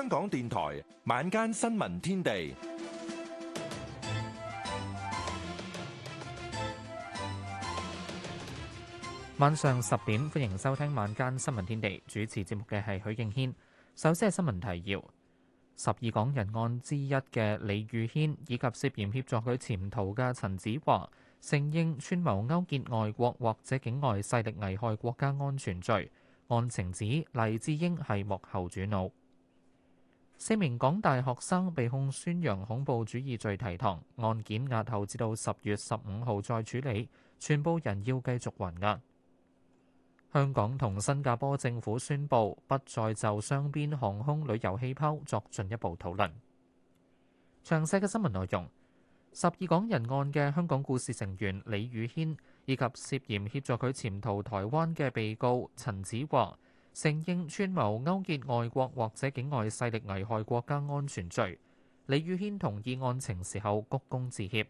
香港電台晚間新聞天地，晚上十點歡迎收聽《晚間新聞天地》。主持節目嘅係許敬軒。首先係新聞提要：十二港人案之一嘅李宇軒以及涉嫌協助佢潛逃嘅陳子華，承認串謀勾結外國或者境外勢力危害國家安全罪。案情指黎智英係幕後主腦。四名港大學生被控宣揚恐怖主義罪提堂，案件押後至到十月十五號再處理，全部人要繼續還押。香港同新加坡政府宣布不再就雙邊航空旅遊氣泡作進一步討論。詳細嘅新聞內容，十二港人案嘅香港故事成員李宇軒以及涉嫌協助佢潛逃台灣嘅被告陳子華。承認串謀勾結外國或者境外勢力危害國家安全罪，李宇軒同意案情時候鞠躬致歉。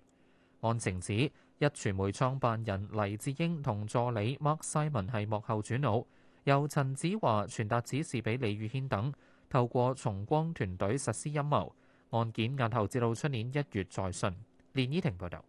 案情指壹傳媒創辦人黎智英同助理 Mark Simon 係幕後主腦，由陳梓華傳達指示俾李宇軒等，透過重光團隊實施陰謀。案件押後至到出年一月再訊。連依婷報道。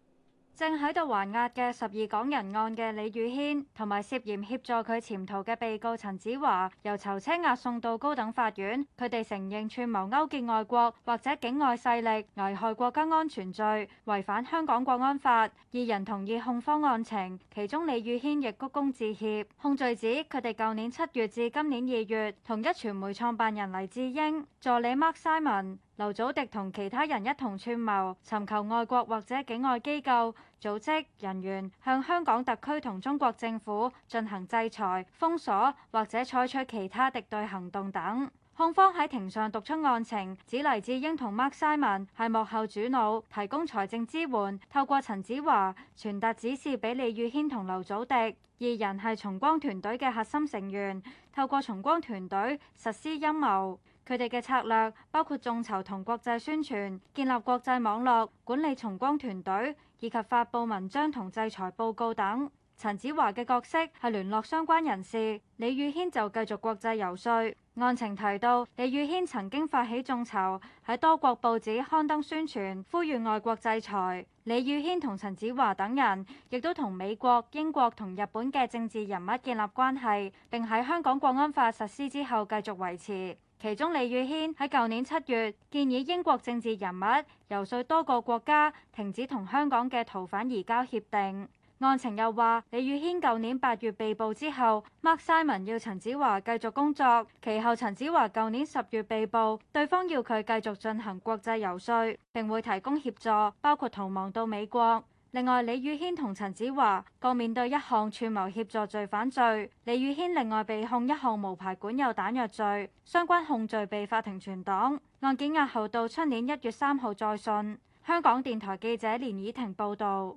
正喺度還押嘅十二港人案嘅李宇軒，同埋涉嫌協助佢潛逃嘅被告陳子華，由囚車押送到高等法院。佢哋承認串謀勾結外國或者境外勢力，危害國家安全罪，違反香港國安法。二人同意控方案情，其中李宇軒亦鞠躬致歉。控罪指佢哋舊年七月至今年二月，同一傳媒創辦人黎智英助理 Mark Simon 劉祖迪同其他人一同串謀，尋求外國或者境外機構、組織人員向香港特區同中國政府進行制裁、封鎖或者採取其他敵對行動等。控方喺庭上讀出案情，指黎智英同 Mark Simon 係幕後主腦，提供財政支援，透過陳梓華傳達指示俾李宇軒同劉祖迪，二人係重光團隊嘅核心成員，透過重光團隊實施陰謀。佢哋嘅策略包括眾籌同國際宣傳、建立國際網絡、管理重光團隊，以及發布文章同制裁報告等。陳子華嘅角色係聯絡相關人士，李宇軒就繼續國際游說。案情提到，李宇軒曾經發起眾籌，喺多國報紙刊登宣傳，呼籲外國制裁。李宇軒同陳子華等人亦都同美國、英國同日本嘅政治人物建立關係，並喺香港國安法實施之後繼續維持。其中李宇軒喺舊年七月建議英國政治人物游說多個國家停止同香港嘅逃犯移交協定。案情又話，李宇軒舊年八月被捕之後，Mark Simon 要陳子華繼續工作，其後陳子華舊年十月被捕，對方要佢繼續進行國際游說，並會提供協助，包括逃亡到美國。另外，李宇軒同陳梓華各面對一項串謀協助罪犯罪，李宇軒另外被控一項無牌管有彈藥罪，相關控罪被法庭傳檔，案件押後到出年一月三號再訊。香港電台記者連以婷報道，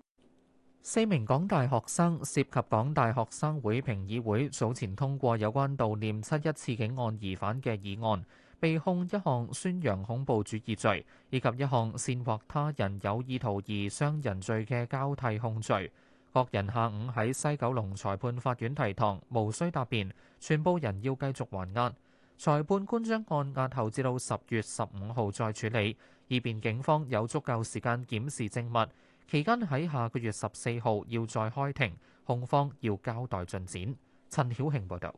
四名港大學生涉及港大學生會評議會早前通過有關悼念七一刺警案疑犯嘅議案。被控一項宣揚恐怖主義罪，以及一項煽惑他人有意圖而傷人罪嘅交替控罪。各人下午喺西九龍裁判法院提堂，無需答辯。全部人要繼續還押，裁判官將案押後至到十月十五號再處理，以便警方有足夠時間檢視證物。期間喺下個月十四號要再開庭，控方要交代進展。陳曉慶報道。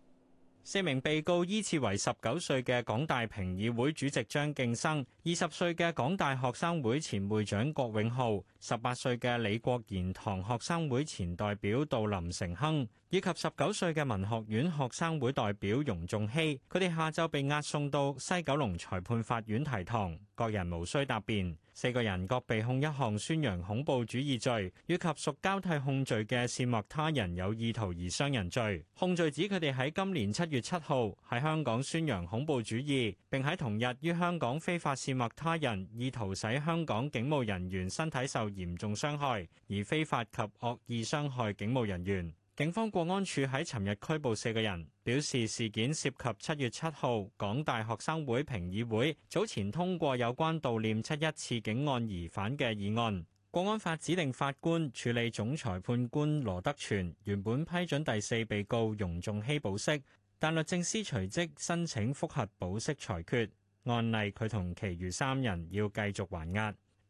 四名被告依次為十九歲嘅港大評議會主席張敬生、二十歲嘅港大學生會前會長郭永浩、十八歲嘅李國賢堂學生會前代表杜林成亨，以及十九歲嘅文學院學生會代表容仲希。佢哋下晝被押送到西九龍裁判法院提堂，各人無需答辯。四個人各被控一項宣揚恐怖主義罪，以及屬交替控罪嘅煽惑他人有意圖而傷人罪。控罪指佢哋喺今年七月七號喺香港宣揚恐怖主義，並喺同日於香港非法煽惑他人，意圖使香港警務人員身體受嚴重傷害，而非法及惡意傷害警務人員。警方國安處喺尋日拘捕四個人，表示事件涉及七月七號港大學生會評議會早前通過有關悼念七一刺警案疑犯嘅議案。國安法指定法官處理總裁判官羅德全原本批准第四被告容仲希保釋，但律政司隨即申請覆核保釋裁決，按例佢同其餘三人要繼續還押。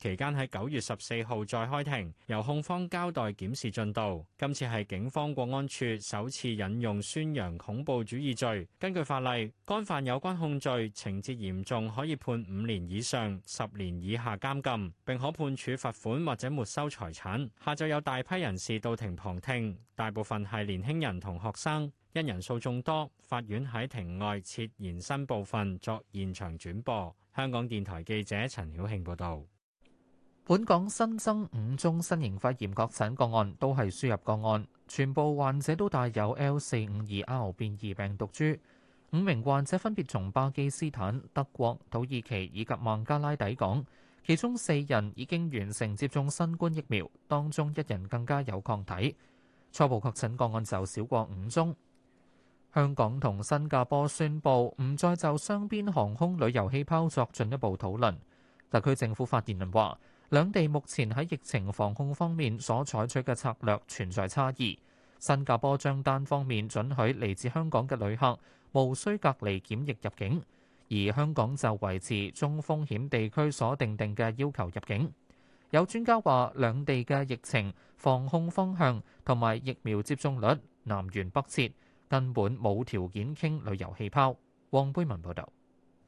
期間喺九月十四號再開庭，由控方交代檢視進度。今次係警方國安處首次引用宣揚恐怖主義罪。根據法例，干犯有關控罪，情節嚴重，可以判五年以上、十年以下監禁，並可判處罰款或者沒收財產。下晝有大批人士到庭旁聽，大部分係年輕人同學生。因人數眾多，法院喺庭外設延伸部分作現場轉播。香港電台記者陳曉慶報道。本港新增五宗新型肺炎確診個案，都係輸入個案，全部患者都帶有 L 四五二 R 變異病毒株。五名患者分別從巴基斯坦、德國、土耳其以及孟加拉抵港，其中四人已經完成接種新冠疫苗，當中一人更加有抗體，初步確診個案就少過五宗。香港同新加坡宣佈唔再就雙邊航空旅遊氣泡作進一步討論，特區政府發言人話。兩地目前喺疫情防控方面所採取嘅策略存在差異。新加坡將單方面准許嚟自香港嘅旅客無需隔離檢疫入境，而香港就維持中風險地區所定定嘅要求入境。有專家話，兩地嘅疫情防控方向同埋疫苗接種率南轅北轍，根本冇條件傾旅遊氣泡。黃貝文報導。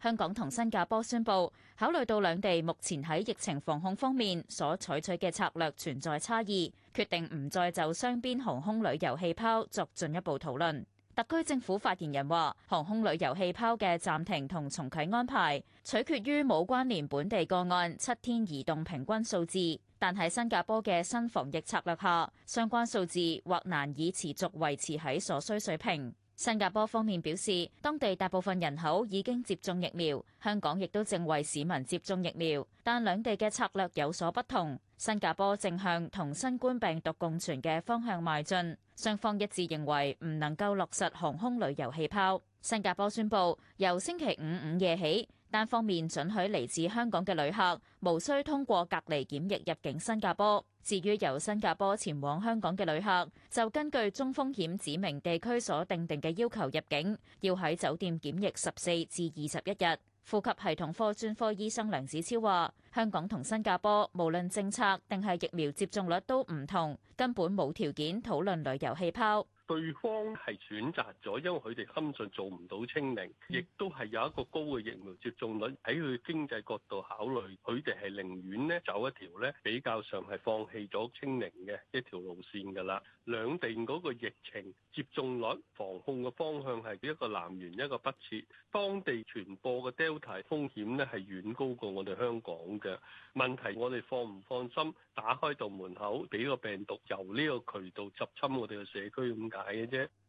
香港同新加坡宣布，考慮到兩地目前喺疫情防控方面所採取嘅策略存在差異，決定唔再就雙邊航空旅遊氣泡作進一步討論。特區政府發言人話，航空旅遊氣泡嘅暫停同重啟安排，取決於冇關聯本地個案七天移動平均數字。但喺新加坡嘅新防疫策略下，相關數字或難以持續維持喺所需水平。新加坡方面表示，當地大部分人口已經接種疫苗，香港亦都正為市民接種疫苗，但兩地嘅策略有所不同。新加坡正向同新冠病毒共存嘅方向邁進，雙方一致認為唔能夠落實航空旅遊氣泡。新加坡宣布由星期五午夜起，單方面准許嚟自香港嘅旅客，無需通過隔離檢疫入境新加坡。至於由新加坡前往香港嘅旅客，就根據中風險指明地區所定定嘅要求入境，要喺酒店檢疫十四至二十一日。呼吸系統科專科醫生梁子超話，香港同新加坡無論政策定係疫苗接種率都唔同，根本冇條件討論旅遊氣泡。對方係選擇咗，因為佢哋深信做唔到清零，亦都係有一個高嘅疫苗接種率。喺佢經濟角度考慮，佢哋係寧願呢走一條呢比較上係放棄咗清零嘅一條路線㗎啦。兩地嗰個疫情接種率、防控嘅方向係一個南轅一個北轍，當地傳播嘅 Delta 風險呢係遠高過我哋香港嘅。問題我哋放唔放心打開到門口，俾個病毒由呢個渠道入侵我哋嘅社區咁解？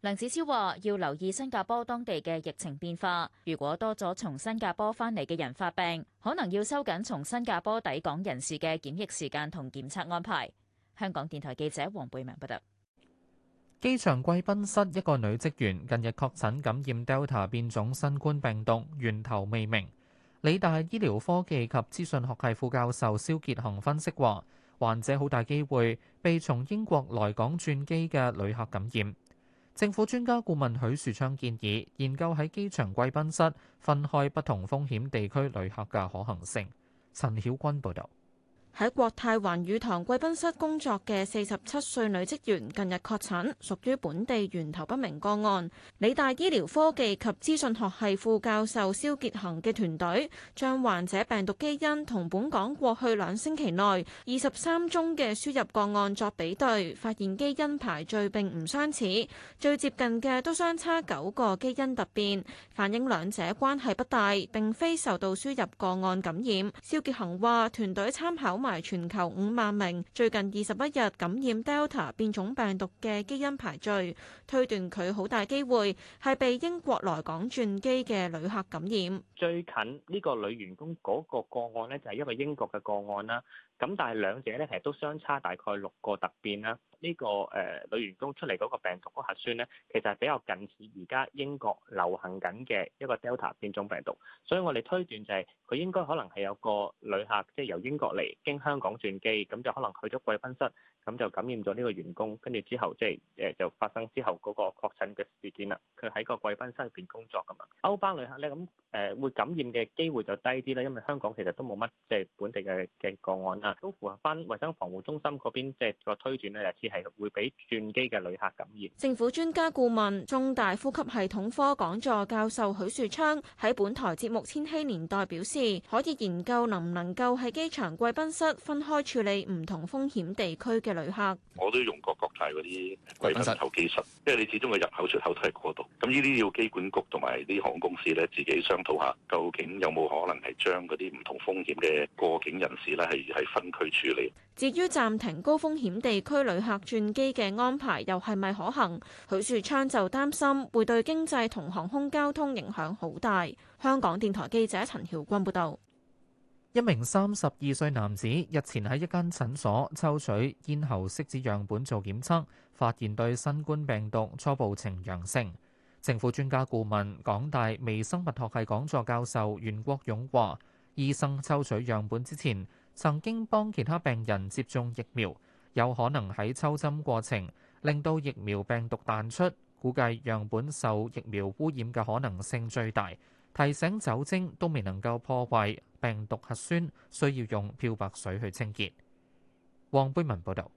梁子超話：要留意新加坡當地嘅疫情變化。如果多咗從新加坡翻嚟嘅人發病，可能要收緊從新加坡抵港人士嘅檢疫時間同檢測安排。香港電台記者黃貝明報道。機場貴賓室一個女職員近日確診感染 Delta 變種新冠病毒，源頭未明。理大醫療科技及資訊學系副教授蕭傑恒分析話，患者好大機會被從英國來港轉機嘅旅客感染。政府專家顧問許樹昌建議研究喺機場貴賓室分開不同風險地區旅客嘅可行性。陳曉君報導。喺國泰環宇堂貴賓室工作嘅四十七歲女職員近日確診，屬於本地源頭不明個案。理大醫療科技及資訊學系副教授蕭傑恆嘅團隊將患者病毒基因同本港過去兩星期內二十三宗嘅輸入個案作比對，發現基因排序並唔相似，最接近嘅都相差九個基因突變，反映兩者關係不大，並非受到輸入個案感染。蕭傑恆話：團隊參考埋全球五萬名最近二十一日感染 Delta 變種病毒嘅基因排序，推斷佢好大機會係被英國來港轉機嘅旅客感染。最近呢個女員工嗰個個案咧，就係因為英國嘅個案啦。咁但係兩者咧，其實都相差大概六個突變啦。呢、這個誒、呃、女員工出嚟嗰個病毒嗰核酸呢，其實係比較近似而家英國流行緊嘅一個 Delta 變種病毒，所以我哋推斷就係、是、佢應該可能係有個旅客即係由英國嚟經香港轉機，咁就可能去咗貴賓室。咁、嗯、就感染咗呢個員工，跟住之後即係誒就發生之後嗰個確診嘅事件啦。佢喺個貴賓室入邊工作㗎嘛。歐巴旅客咧，咁、嗯、誒、嗯、會感染嘅機會就低啲啦，因為香港其實都冇乜即係本地嘅嘅個案啦。都符合翻衞生防護中心嗰邊即係個推斷咧，似係會俾轉機嘅旅客感染。政府專家顧問、中大呼吸系統科講座教授許樹昌喺本台節目《千禧年代》表示，可以研究能唔能夠喺機場貴賓室分開處理唔同風險地區嘅旅客，我都用過各大嗰啲貴賓候機室，因為你始終嘅入口出口都係嗰度，咁呢啲要機管局同埋啲航空公司咧自己商討下，究竟有冇可能係將嗰啲唔同風險嘅過境人士咧係係分區處理。至於暫停高風險地區旅客轉機嘅安排，又係咪可行？許樹昌就擔心會對經濟同航空交通影響好大。香港電台記者陳曉君報導。一名三十二歲男子日前喺一間診所抽取咽喉拭子樣本做檢測，發現對新冠病毒初步呈陽性。政府專家顧問、港大微生物學系講座教授袁國勇話，醫生抽取樣本之前曾經幫其他病人接種疫苗，有可能喺抽針過程令到疫苗病毒彈出，估計樣本受疫苗污染嘅可能性最大。提醒酒精都未能夠破壞病毒核酸，需要用漂白水去清潔。黃貝文報道。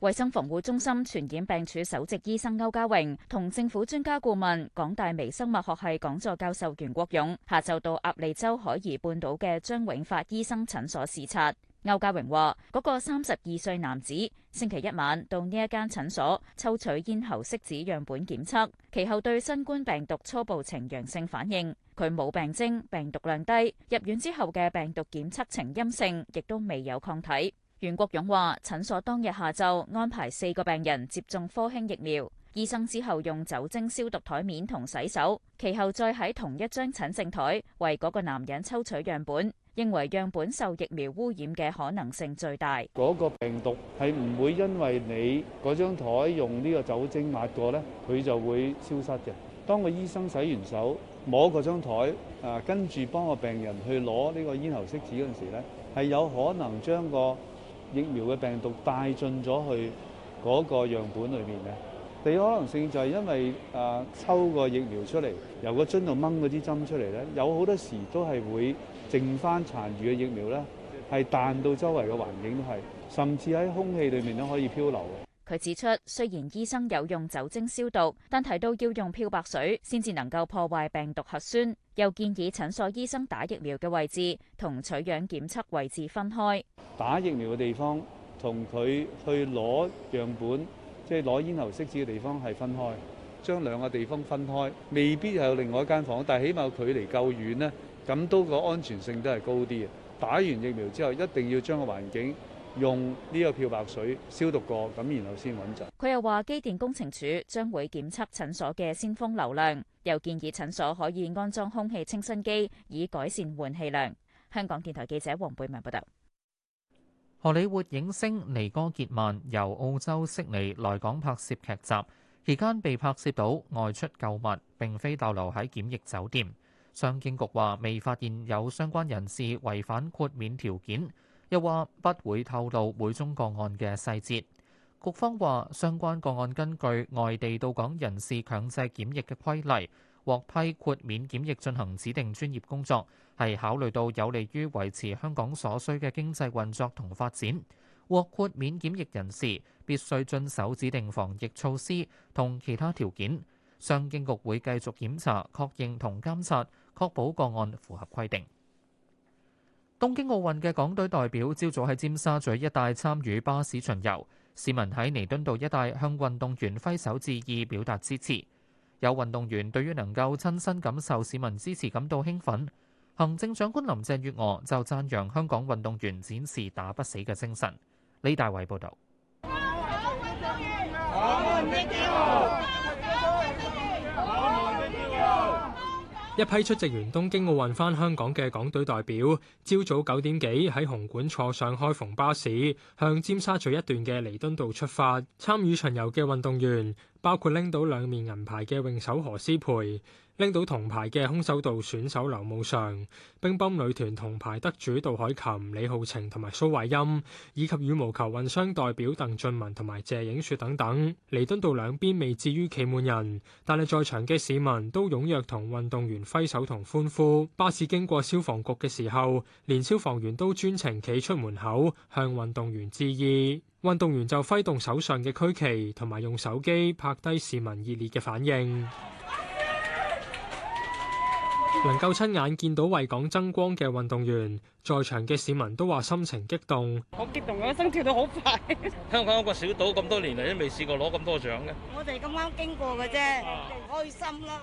衛生防護中心傳染病處首席醫生歐家榮同政府專家顧問港大微生物學系講座教授袁國勇下晝到鴨脷洲海怡半島嘅張永發醫生診所視察。歐家榮話：嗰個三十二歲男子星期一晚到呢一間診所抽取咽喉拭子樣本檢測，其後對新冠病毒初步呈陽性反應。佢冇病徵，病毒量低，入院之後嘅病毒檢測呈陰性，亦都未有抗體。袁國勇話：診所當日下晝安排四個病人接種科興疫苗，醫生之後用酒精消毒台面同洗手，其後再喺同一張診症台為嗰個男人抽取樣本，認為樣本受疫苗污染嘅可能性最大。嗰個病毒係唔會因為你嗰張台用呢個酒精抹過咧，佢就會消失嘅。當個醫生洗完手摸嗰張台啊，跟住幫個病人去攞呢個咽喉拭子嗰陣時咧，係有可能將個疫苗嘅病毒帶進咗去嗰個樣本裏面，咧，你可能性就係因為誒、啊、抽個疫苗出嚟，由個樽度掹嗰啲針出嚟咧，有好多時都係會剩翻殘餘嘅疫苗咧，係彈到周圍嘅環境都係，甚至喺空氣裏面都可以漂流嘅。佢指出，雖然醫生有用酒精消毒，但提到要用漂白水先至能夠破壞病毒核酸，又建議診所醫生打疫苗嘅位置同取樣檢測位置分開，打疫苗嘅地方同佢去攞樣本，即係攞咽喉拭子嘅地方係分開，將兩個地方分開，未必係有另外一間房，但係起碼距離夠遠咧，咁都個安全性都係高啲嘅。打完疫苗之後，一定要將個環境，用呢個漂白水消毒過，咁然後先穩陣。佢又話：機電工程署將會檢測診所嘅鮮風流量，又建議診所可以安裝空氣清新機，以改善換氣量。香港電台記者黃貝文報道。荷里活影星尼哥傑曼由澳洲悉尼來港拍攝劇集，期間被拍攝到外出購物，並非逗留喺檢疫酒店。商經局話，未發現有相關人士違反豁免條件。又話不會透露每宗個案嘅細節。局方話，相關個案根據外地到港人士強制檢疫嘅規例，獲批豁免檢疫進行指定專業工作，係考慮到有利於維持香港所需嘅經濟運作同發展。獲豁免檢疫人士必須遵守指定防疫措施同其他條件。商經局會繼續檢查、確認同監察，確保個案符合規定。東京奧運嘅港隊代表朝早喺尖沙咀一帶參與巴士巡遊，市民喺彌敦道一帶向運動員揮手致意，表達支持。有運動員對於能夠親身感受市民支持感到興奮。行政長官林鄭月娥就讚揚香港運動員展示打不死嘅精神。李大偉報導。一批出席完東京奧運返香港嘅港隊代表，朝早九點幾喺紅館坐上開篷巴士，向尖沙咀一段嘅彌敦道出發。參與巡遊嘅運動員包括拎到兩面銀牌嘅泳手何詩蓓。拎到銅牌嘅空手道選手劉慕裳、乒乓女團銅牌得主杜凱琹、李皓晴同埋蘇慧音，以及羽毛球混雙代表鄧俊文同埋謝影雪等等。彌敦道兩邊未至於企滿人，但係在場嘅市民都踴躍同運動員揮手同歡呼。巴士經過消防局嘅時候，連消防員都專程企出門口向運動員致意。運動員就揮動手上嘅區旗，同埋用手機拍低市民熱烈嘅反應。能夠親眼見到為港爭光嘅運動員，在場嘅市民都話心情激動。好激動啊，心跳到好快。香港一個小島咁多年嚟都未試過攞咁多獎嘅。我哋咁啱經過嘅啫，開心啦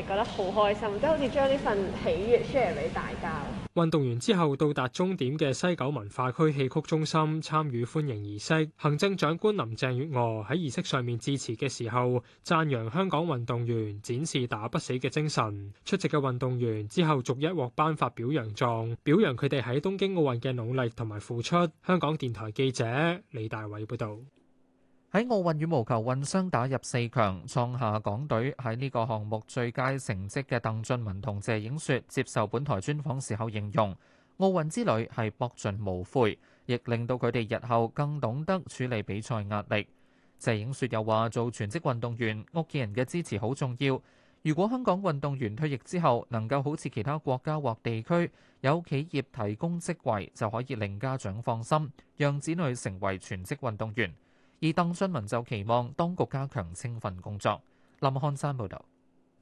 覺得好開心，即係好似將呢份喜悅 share 俾大家。運動員之後到達終點嘅西九文化區戲曲中心，參與歡迎儀式。行政長官林鄭月娥喺儀式上面致辭嘅時候，讚揚香港運動員展示打不死嘅精神。出席嘅運動員之後逐一獲頒發表揚狀，表揚佢哋喺東京奧運嘅努力同埋付出。香港電台記者李大偉報導。喺奧運羽毛球混雙打入四強，創下港隊喺呢個項目最佳成績嘅鄧俊文同謝影雪接受本台專訪時候形容，奧運之旅係博盡無悔，亦令到佢哋日後更懂得處理比賽壓力。謝影雪又話做全職運動員屋企人嘅支持好重要。如果香港運動員退役之後能夠好似其他國家或地區有企業提供職位，就可以令家長放心，讓子女成為全職運動員。而鄧俊文就期望當局加強清訓工作。林漢山報導，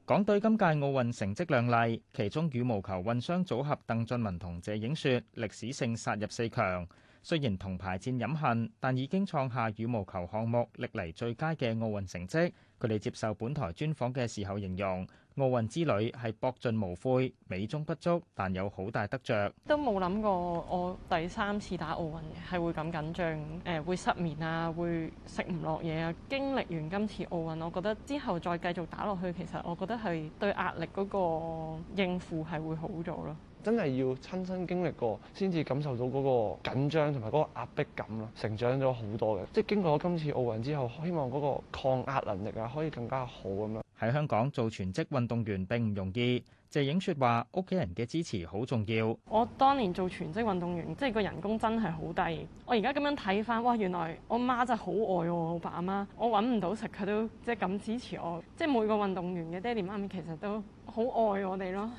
港隊今屆奧運成績亮麗，其中羽毛球混雙組合鄧俊文同謝影雪歷史性殺入四強。雖然銅牌戰飲恨，但已經創下羽毛球項目歷嚟最佳嘅奧運成績。佢哋接受本台專訪嘅時候形容。奧運之旅係搏盡無悔，美中不足，但有好大得着。都冇諗過我第三次打奧運嘅係會咁緊張，誒會失眠啊，會食唔落嘢啊。經歷完今次奧運，我覺得之後再繼續打落去，其實我覺得係對壓力嗰個應付係會好咗咯。真係要親身經歷過，先至感受到嗰個緊張同埋嗰個壓迫感咯。成長咗好多嘅，即係經過今次奧運之後，希望嗰個抗壓能力啊，可以更加好咁樣。喺香港做全職運動員並唔容易，謝影雪話屋企人嘅支持好重要。我當年做全職運動員，即係個人工真係好低。我而家咁樣睇翻，哇！原來我媽真係好愛我，阿爸阿媽，我揾唔到食佢都即係咁支持我。即係每個運動員嘅爹哋媽咪其實都好愛我哋咯，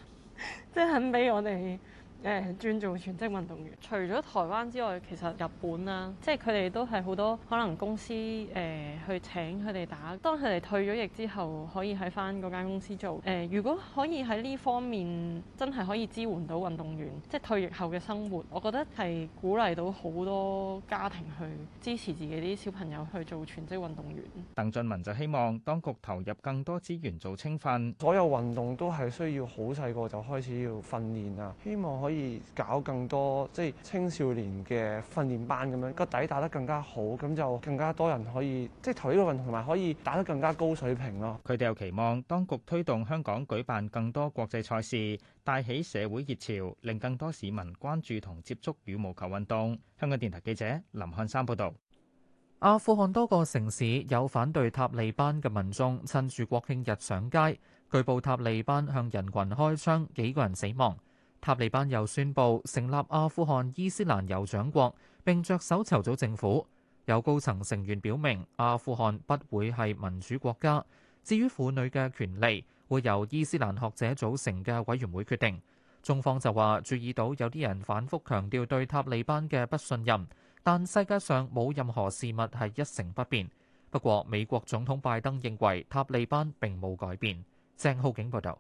即係肯俾我哋。誒轉做全職運動員，除咗台灣之外，其實日本啦，即係佢哋都係好多可能公司誒、呃、去請佢哋打，當佢哋退咗役之後，可以喺返嗰間公司做誒、呃。如果可以喺呢方面真係可以支援到運動員，即係退役後嘅生活，我覺得係鼓勵到好多家庭去支持自己啲小朋友去做全職運動員。鄧俊文就希望當局投入更多資源做青訓，所有運動都係需要好細個就開始要訓練啊，希望可可以搞更多即係青少年嘅訓練班，咁樣個底打得更加好，咁就更加多人可以即係投呢個個運動，同埋可以打得更加高水平咯。佢哋又期望當局推動香港舉辦更多國際賽事，帶起社會熱潮，令更多市民關注同接觸羽毛球運動，香港電台記者林漢山報道。阿富汗多個城市有反對塔利班嘅民眾趁住國慶日上街，據報塔利班向人群開槍，幾個人死亡。塔利班又宣佈成立阿富汗伊斯蘭酋長國，並着手籌組政府。有高層成員表明，阿富汗不會係民主國家。至於婦女嘅權利，會由伊斯蘭學者組成嘅委員會決定。中方就話，注意到有啲人反覆強調對塔利班嘅不信任，但世界上冇任何事物係一成不變。不過，美國總統拜登認為塔利班並冇改變。鄭浩景報導。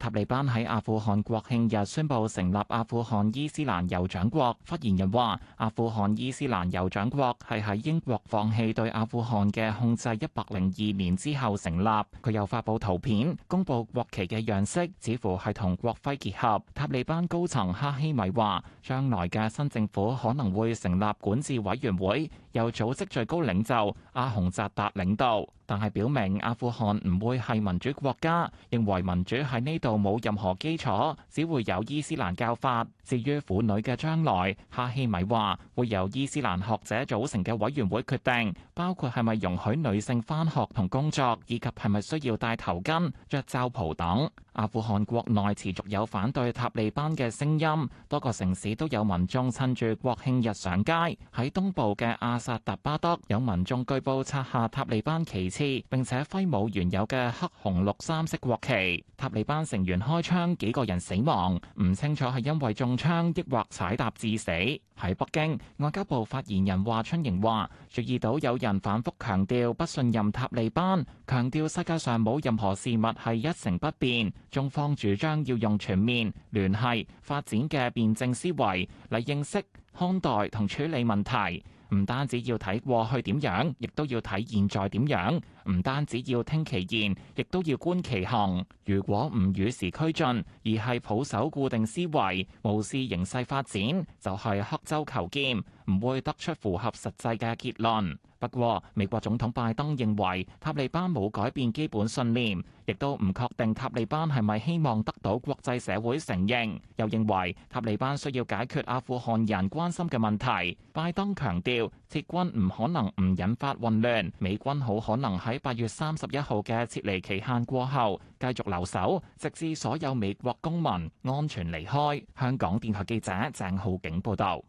塔利班喺阿富汗國慶日宣佈成立阿富汗伊斯蘭酋長國，發言人話：阿富汗伊斯蘭酋長國係喺英國放棄對阿富汗嘅控制一百零二年之後成立。佢又發佈圖片，公布國旗嘅樣式，似乎係同國徽結合。塔利班高層哈希米話：將來嘅新政府可能會成立管治委員會。由組織最高領袖阿洪扎達領導，但係表明阿富汗唔會係民主國家，認為民主喺呢度冇任何基礎，只會有伊斯蘭教法。至於婦女嘅將來，哈希米話會由伊斯蘭學者組成嘅委員會決定，包括係咪容許女性返學同工作，以及係咪需要戴頭巾、着罩袍等。阿富汗國內持續有反對塔利班嘅聲音，多個城市都有民眾趁住國慶日上街。喺東部嘅阿薩達巴德，有民眾據報拆下塔利班旗幟，並且揮舞原有嘅黑紅綠三色國旗。塔利班成員開槍，幾個人死亡，唔清楚係因為中槍抑或踩踏致死。喺北京，外交部發言人華春瑩話：注意到有人反覆強調不信任塔利班，強調世界上冇任何事物係一成不變。中方主張要用全面、聯繫、發展嘅辯證思維嚟認識、看待同處理問題，唔單止要睇過去點樣，亦都要睇現在點樣。唔單止要聽其言，亦都要觀其行。如果唔與時俱進，而係抱守固定思維，無視形勢發展，就係刻舟求劍，唔會得出符合實際嘅結論。不過美國總統拜登認為塔利班冇改變基本信念，亦都唔確定塔利班係咪希望得到國際社會承認，又認為塔利班需要解決阿富汗人關心嘅問題。拜登強調撤軍唔可能唔引發混亂，美軍好可能係。喺八月三十一號嘅撤離期限過後，繼續留守，直至所有美國公民安全離開。香港電台記者鄭浩景報道。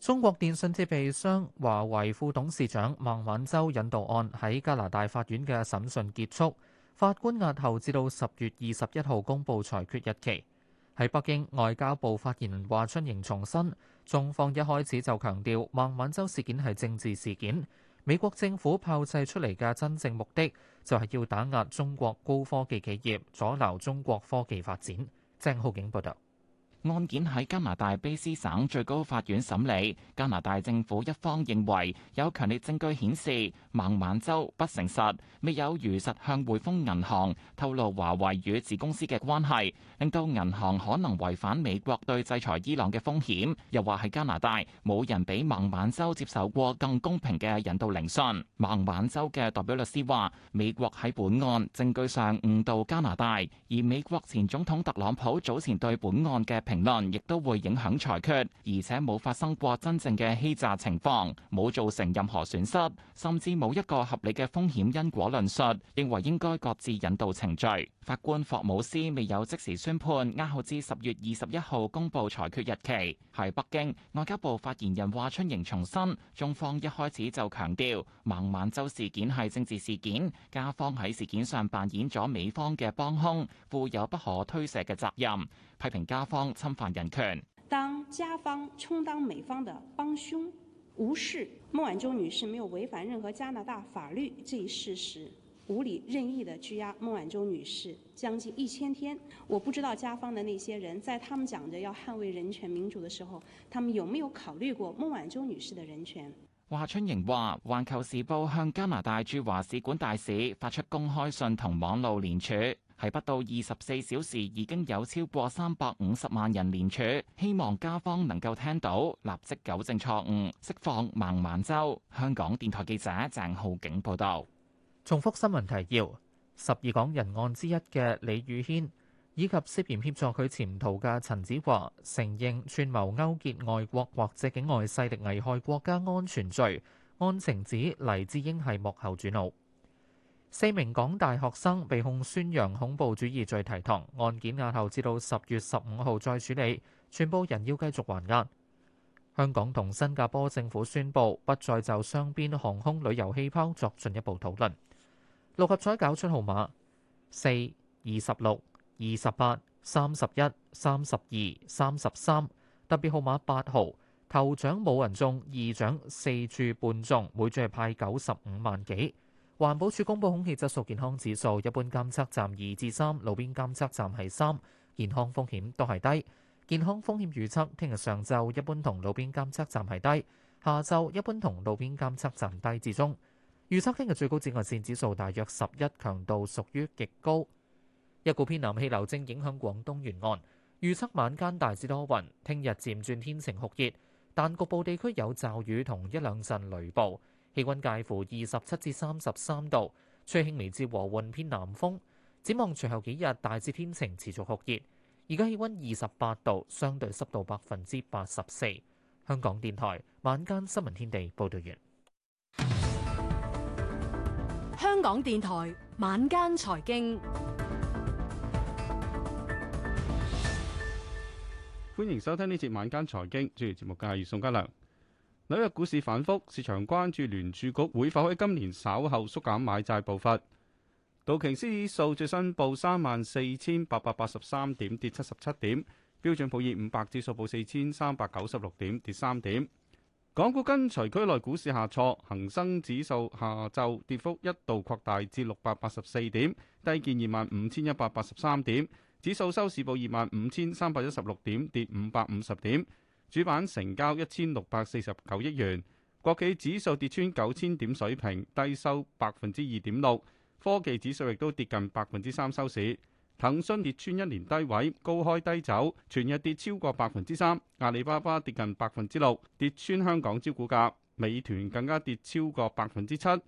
中國電信設備商華為副董事長孟晚舟引渡案喺加拿大法院嘅審訊結束，法官押後至到十月二十一號公布裁決日期。喺北京，外交部發言人華春瑩重申，中方一開始就強調孟晚舟事件係政治事件。美國政府炮製出嚟嘅真正目的，就係要打壓中國高科技企業，阻撓中國科技發展。鄭浩景報道。案件喺加拿大卑斯省最高法院審理。加拿大政府一方認為有強烈證據顯示孟晚舟不誠實，未有如實向匯豐銀行透露華為與子公司嘅關係，令到銀行可能違反美國對制裁伊朗嘅風險。又話喺加拿大冇人比孟晚舟接受過更公平嘅引渡聆訊。孟晚舟嘅代表律師話：美國喺本案證據上誤導加拿大，而美國前總統特朗普早前對本案嘅評論亦都會影響裁決，而且冇發生過真正嘅欺詐情況，冇造成任何損失，甚至冇一個合理嘅風險因果論述，認為應該各自引導程序。法官霍姆斯未有即時宣判，押後至十月二十一號公布裁決日期。喺北京，外交部發言人華春瑩重申，中方一開始就強調孟晚舟事件係政治事件，加方喺事件上扮演咗美方嘅幫兇負有不可推卸嘅責任，批評加方侵犯人權，當加方充當美方嘅幫兇，無視孟晚舟女士沒有違反任何加拿大法律這一事實，無理任意地拘押孟晚舟女士將近一千天，我不知道加方的那些人在他們講着要捍衛人權民主的時候，他們有沒有考慮過孟晚舟女士的人權？華春瑩話：環球時報向加拿大駐華使館大使發出公開信，同網路聯署，喺不到二十四小時已經有超過三百五十萬人聯署，希望加方能夠聽到，立即糾正錯誤，釋放孟晚舟。香港電台記者鄭浩景報道。重複新聞提要：十二港人案之一嘅李宇軒，以及涉嫌協助佢潛逃嘅陳梓華，承認串謀勾結外國或者境外勢力危害國家安全罪，案情指黎智英係幕後主腦。四名港大學生被控宣揚恐怖主義罪提堂，案件押後至到十月十五號再處理，全部人要繼續還押。香港同新加坡政府宣布不再就雙邊航空旅遊氣泡作進一步討論。六合彩搞出號碼四二十六、二十八、三十一、三十二、三十三。特別號碼八號。頭獎冇人中，二獎四注半中，每注係派九十五萬幾。環保署公布空氣質素健康指數，一般監測站二至三，3，路邊監測站係三，健康風險都係低。健康風險預測聽日上晝一般同路邊監測站係低，下晝一般同路邊監測站低至中。預測聽日最高紫外線指數大約十一，強度屬於極高。一股偏南氣流正影響廣東沿岸，預測晚間大致多雲，聽日漸轉天晴酷熱，但局部地區有驟雨同一兩陣雷暴。氣温介乎二十七至三十三度，吹輕微至和緩偏南風。展望隨後幾日大致天晴持續酷熱。而家氣温二十八度，相對濕度百分之八十四。香港電台晚間新聞天地報道完。香港電台晚間財經，歡迎收聽呢節晚間財經，主持節目嘅係宋家良。紐約股市反覆，市場關注聯儲局會否喺今年稍後縮減買債步伐。道瓊斯指數最新報三萬四千八百八十三點，跌七十七點；標準普爾五百指數報四千三百九十六點，跌三點。港股跟隨區內股市下挫，恒生指數下晝跌幅一度擴大至六百八十四點，低見二萬五千一百八十三點，指數收市報二萬五千三百一十六點，跌五百五十點。主板成交一千六百四十九億元，國企指數跌穿九千點水平，低收百分之二點六，科技指數亦都跌近百分之三收市。騰訊跌穿一年低位，高開低走，全日跌超過百分之三；阿里巴巴跌近百分之六，跌穿香港招股價；美團更加跌超過百分之七。東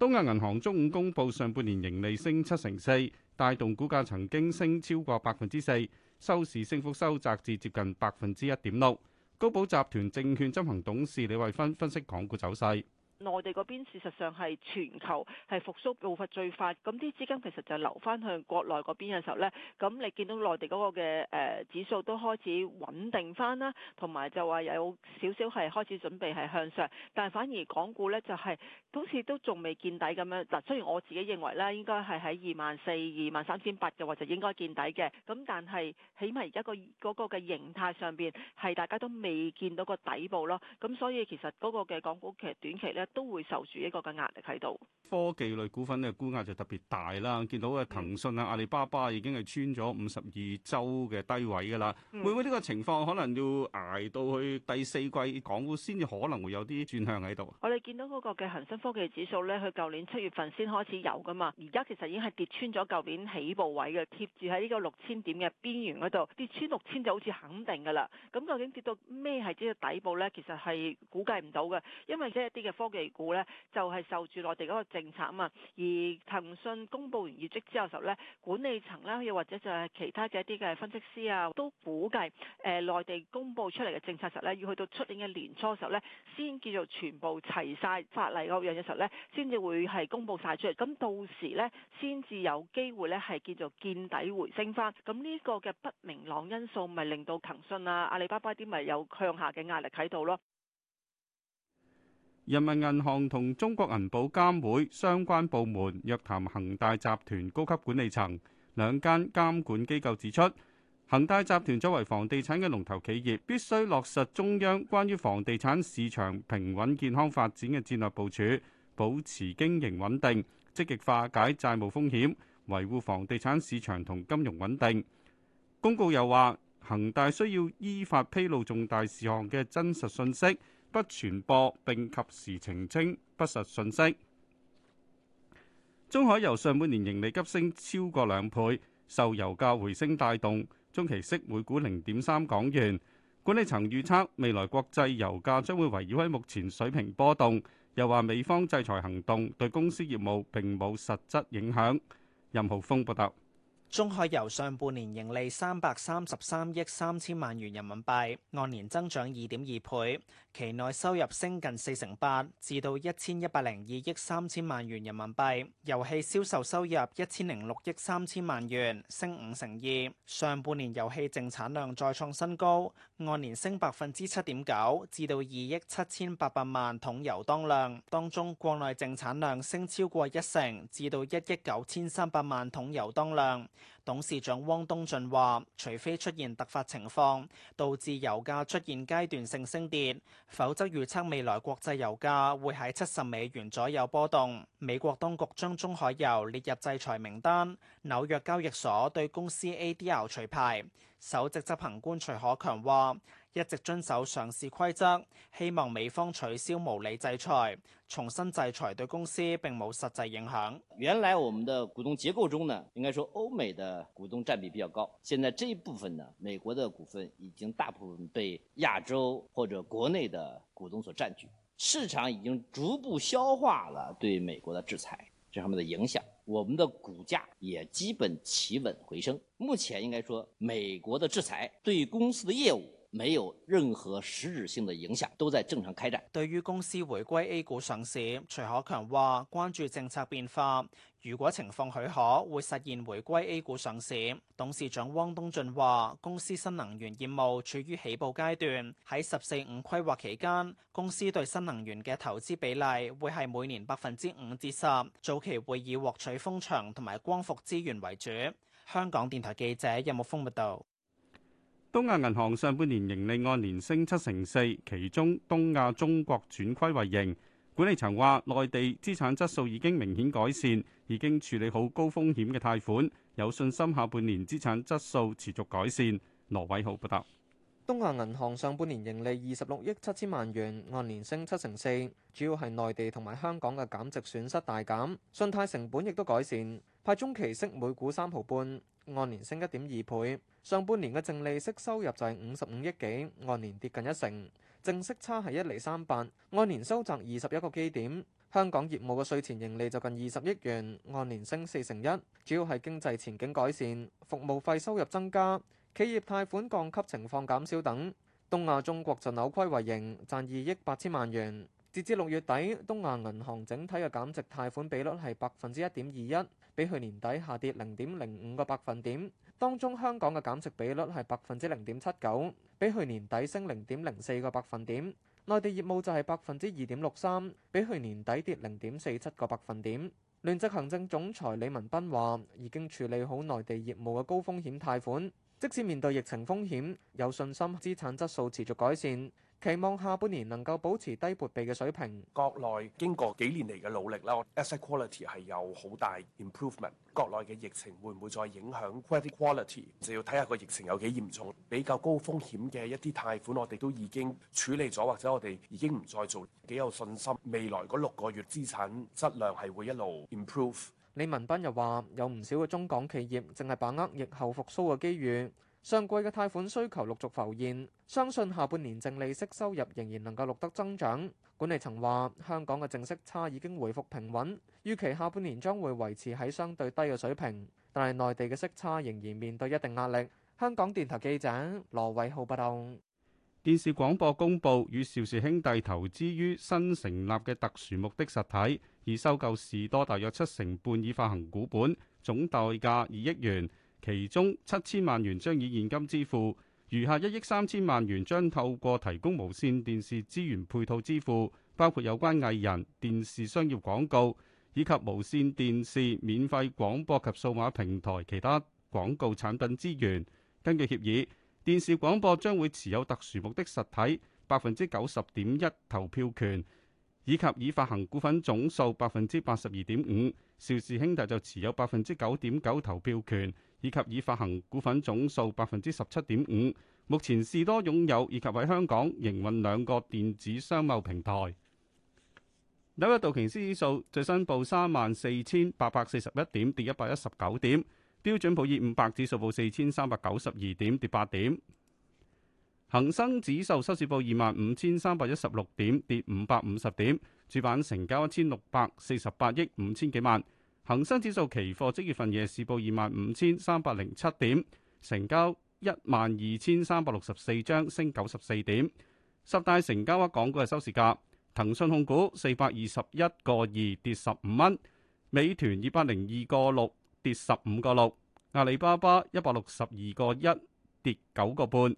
亞銀行中午公布上半年盈利升七成四，帶動股價曾經升超過百分之四，收市升幅收窄至接近百分之一點六。高寶集團證券執行董事李慧芬分，分析港股走勢。內地嗰邊事實上係全球係復甦步伐最快，咁啲資金其實就流翻向國內嗰邊嘅時候呢，咁你見到內地嗰個嘅誒指數都開始穩定翻啦，同埋就話有少少係開始準備係向上，但係反而港股呢、就係，就係好似都仲未見底咁樣。嗱，雖然我自己認為呢應該係喺二萬四、二萬三千八嘅話就應該見底嘅，咁但係起碼而家、個嗰、個嘅形態上邊係大家都未見到個底部咯，咁所以其實嗰個嘅港股其實短期呢。都會受住一個嘅壓力喺度。科技類股份嘅估壓就特別大啦。見到嘅騰訊啊、阿里巴巴已經係穿咗五十二周嘅低位㗎喇。嗯、會唔會呢個情況可能要捱到去第四季港股先至可能會有啲轉向喺度？我哋見到嗰個嘅恒生科技指數咧，佢舊年七月份先開始有㗎嘛，而家其實已經係跌穿咗舊年起步位嘅，貼住喺呢個六千點嘅邊緣嗰度，跌穿六千就好似肯定㗎喇。咁究竟跌到咩係呢個底部咧？其實係估計唔到嘅，因為即係一啲嘅科技。地股咧就係受住內地嗰個政策啊嘛，而騰訊公布完業績之後時候咧，管理層咧，又或者就係其他嘅一啲嘅分析師啊，都估計誒內地公布出嚟嘅政策時候咧，要去到出年嘅年初時候咧，先叫做全部齊晒法例嗰樣嘅時候咧，先至會係公布晒出嚟，咁到時咧，先至有機會咧係叫做見底回升翻，咁呢個嘅不明朗因素咪令到騰訊啊、阿里巴巴啲咪有向下嘅壓力喺度咯？人民銀行同中國銀保監會相關部門約談恒大集團高級管理層。兩間監管機構指出，恒大集團作為房地產嘅龍頭企業，必須落實中央關於房地產市場平穩健康發展嘅戰略部署，保持經營穩定，積極化解債務風險，維護房地產市場同金融穩定。公告又話，恒大需要依法披露重大事項嘅真實信息。不傳播並及時澄清不實信息。中海油上半年盈利急升超過兩倍，受油價回升帶動，中期息每股零點三港元。管理層預測未來國際油價將會圍繞喺目前水平波動，又話美方制裁行動對公司業務並冇實質影響。任浩峰報道。中海油上半年盈利三百三十三億三千萬元人民幣，按年增長二點二倍，期內收入升近四成八，至到一千一百零二億三千萬元人民幣，油氣銷售收入一千零六億三千萬元，升五成二，上半年油氣淨產量再創新高。按年升百分之七點九，至到二億七千八百萬桶油當量，當中國內淨產量升超過一成，至到一億九千三百萬桶油當量。董事長汪東進話，除非出現突發情況，導致油價出現階段性升跌，否則預測未來國際油價會喺七十美元左右波動。美國當局將中海油列入制裁名單，紐約交易所對公司 ADR 除牌。首席執行官徐可強話。一直遵守上市規則，希望美方取消無理制裁，重新制裁對公司並無實際影響。原來我們的股東結構中呢，應該說歐美的股東占比比較高，現在這一部分呢，美國的股份已經大部分被亞洲或者國內的股東所佔據，市場已經逐步消化了對美國的制裁這方面的影響，我們的股價也基本企穩回升。目前應該說美國的制裁對公司的業務。沒有任何實質性的影響，都在正常開展。對於公司回歸 A 股上市，徐可強話關注政策變化，如果情況許可，會實現回歸 A 股上市。董事長汪東俊話，公司新能源業務處於起步階段，喺十四五規劃期間，公司對新能源嘅投資比例會係每年百分之五至十，10，早期會以獲取風場同埋光伏資源為主。香港電台記者任木峰報道。東亞銀行上半年盈利按年升七成四，其中東亞中國轉虧為盈。管理層話，內地資產質素已經明顯改善，已經處理好高風險嘅貸款，有信心下半年資產質素持續改善。羅偉浩報道。東亞銀行上半年盈利二十六億七千萬元，按年升七成四，主要係內地同埋香港嘅減值損失大減，信貸成本亦都改善，派中期息每股三毫半。按年升一點二倍，上半年嘅淨利息收入就係五十五億幾，按年跌近一成，淨息差係一厘三八，按年收窄二十一個基點。香港業務嘅稅前盈利就近二十億元，按年升四成一，主要係經濟前景改善、服務費收入增加、企業貸款降級情況減少等。東亞中國就扭虧為盈，賺二億八千萬元。截至六月底，東亞銀行整體嘅減值貸款比率係百分之一點二一。比去年底下跌零點零五個百分點，當中香港嘅減值比率係百分之零點七九，比去年底升零點零四個百分點，內地業務就係百分之二點六三，比去年底跌零點四七個百分點。聯席 行政總裁李文斌話已經處理好內地業務嘅高風險貸款，即使面對疫情風險，有信心資產質素持續改善。期望下半年能夠保持低撥備嘅水平。國內經過幾年嚟嘅努力啦，asset quality 係有好大 improvement。國內嘅疫情會唔會再影響 credit quality？就要睇下個疫情有幾嚴重。比較高風險嘅一啲貸款，我哋都已經處理咗，或者我哋已經唔再做，幾有信心。未來嗰六個月資產質量係會一路 improve。李文斌又話：有唔少嘅中港企業，淨係把握疫後復甦嘅機遇。上季嘅貸款需求陸續浮現，相信下半年淨利息收入仍然能夠錄得增長。管理層話：香港嘅淨息差已經恢復平穩，預期下半年將會維持喺相對低嘅水平。但係內地嘅息差仍然面對一定壓力。香港電台記者羅偉浩報道。電視廣播公布與邵氏兄弟投資於新成立嘅特殊目的實體，以收購士多大約七成半已發行股本，總代價二億元。其中七千萬元將以現金支付，餘下一億三千萬元將透過提供無線電視資源配套支付，包括有關藝人、電視商業廣告，以及無線電視免費廣播及數碼平台其他廣告產品資源。根據協議，電視廣播將會持有特殊目的實體百分之九十點一投票權，以及已發行股份總數百分之八十二點五，邵氏兄弟就持有百分之九點九投票權。以及已發行股份總數百分之十七點五，目前士多擁有以及喺香港營運兩個電子商貿平台。紐約道瓊斯指數最新報三萬四千八百四十一點，跌一百一十九點；標準普爾五百指數報四千三百九十二點，跌八點；恒生指數收市報二萬五千三百一十六點，跌五百五十點。主板成交一千六百四十八億五千幾萬。恒生指數期貨即月份夜市報二萬五千三百零七點，成交一萬二千三百六十四張，升九十四點。十大成交額港股嘅收市價：騰訊控股四百二十一個二跌十五蚊，美團二百零二個六跌十五個六，阿里巴巴一百六十二個一跌九個半，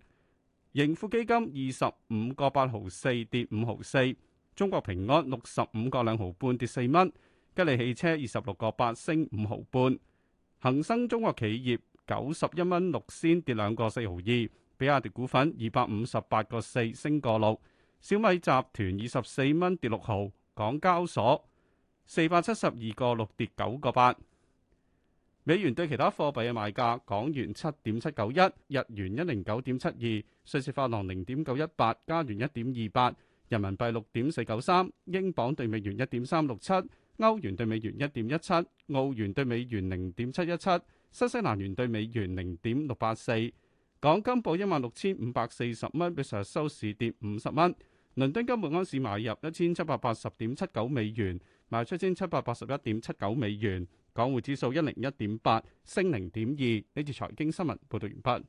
盈富基金二十五個八毫四跌五毫四，中國平安六十五個兩毫半跌四蚊。吉利汽車二十六個八升五毫半，恒生中國企業九十一蚊六仙跌兩個四毫二，比亞迪股份二百五十八個四升個六，小米集團二十四蚊跌六毫，港交所四百七十二個六跌九個八。美元對其他貨幣嘅賣價：港元七點七九一，日元一零九點七二，瑞士法郎零點九一八，加元一點二八，人民幣六點四九三，英鎊兌美元一點三六七。歐元對美元一點一七，澳元對美元零點七一七，新西蘭元對美元零點六八四。港金報一萬六千五百四十蚊，比上日收市跌五十蚊。倫敦金每盎司買入一千七百八十點七九美元，賣出一千七百八十一點七九美元。港匯指數一零一點八，升零點二。呢次財經新聞報道完畢。